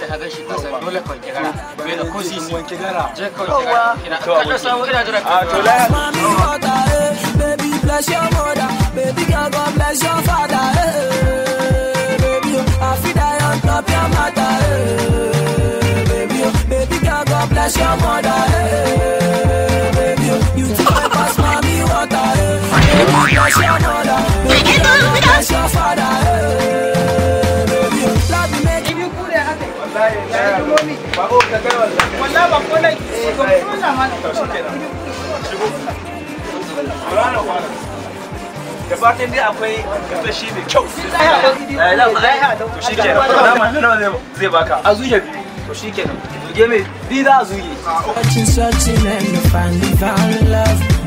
da ka ganshi ka san dole kawai kigara bai da ko sisi kawai kigara je kawai kigara kaka samu ina jira a to la baby bless your mother baby girl god bless your father baby i feel that on top your mother baby baby girl god bless your mother wallahi na ko na ma to shikenan shigo a bi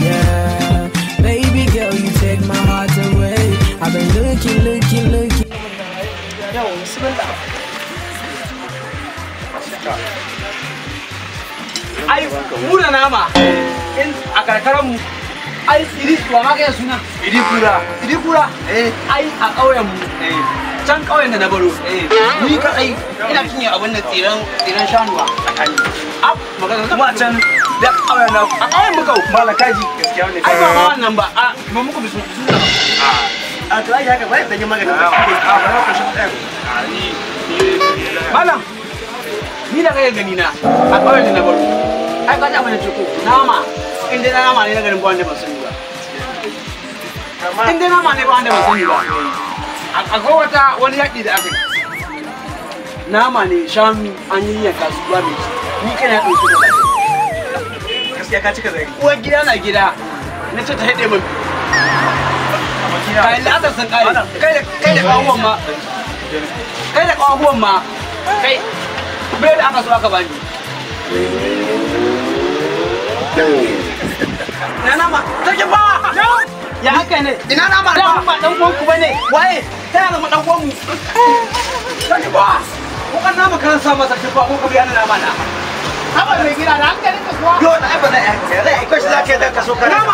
a Baby girl, you take my heart away. I've been looking, looking, looking. Yo, ai mu da nama in a karkaran mu ai iri wa ma ga suna iri kura iri kura eh ai a ƙauyen mu eh. can ƙauyen da na baro eh. ni ka ai ina cinye abin da tsiran tsiran shanuwa tsakani ab magana kuma a can da ƙauyen na a ƙauyen mu kau malakaji gaskiya ne ai ba ma wannan ba a ba muku bisu suna ah. a to ai haka ba da yin magana ba a ba ka shi ɗaya malam ni da kai gani na a kawai da na baro ai ka ta mana ciko nama in dai nama ne na garin bawan da ban sani ba in dai nama ne bawan da ban sani ba akwai wata wani yaƙi da aka yi nama ne shanu an yi yanka su ruwa mai ni kana ya ɗauki da gaskiya ka cika zai uwar gida na gida na ce ta haɗe min kayan da asar sun ƙare kai da ƙawahuwan ma kai da ƙawahuwan ma kai bread aka so aka bani ina nama sarki ba ya haka ne ina ba dan bane waye ta dan ba ko kan nama ba ko ka biya nama na mai gida da hankali ka kuwa yo ba da ai shi da ka so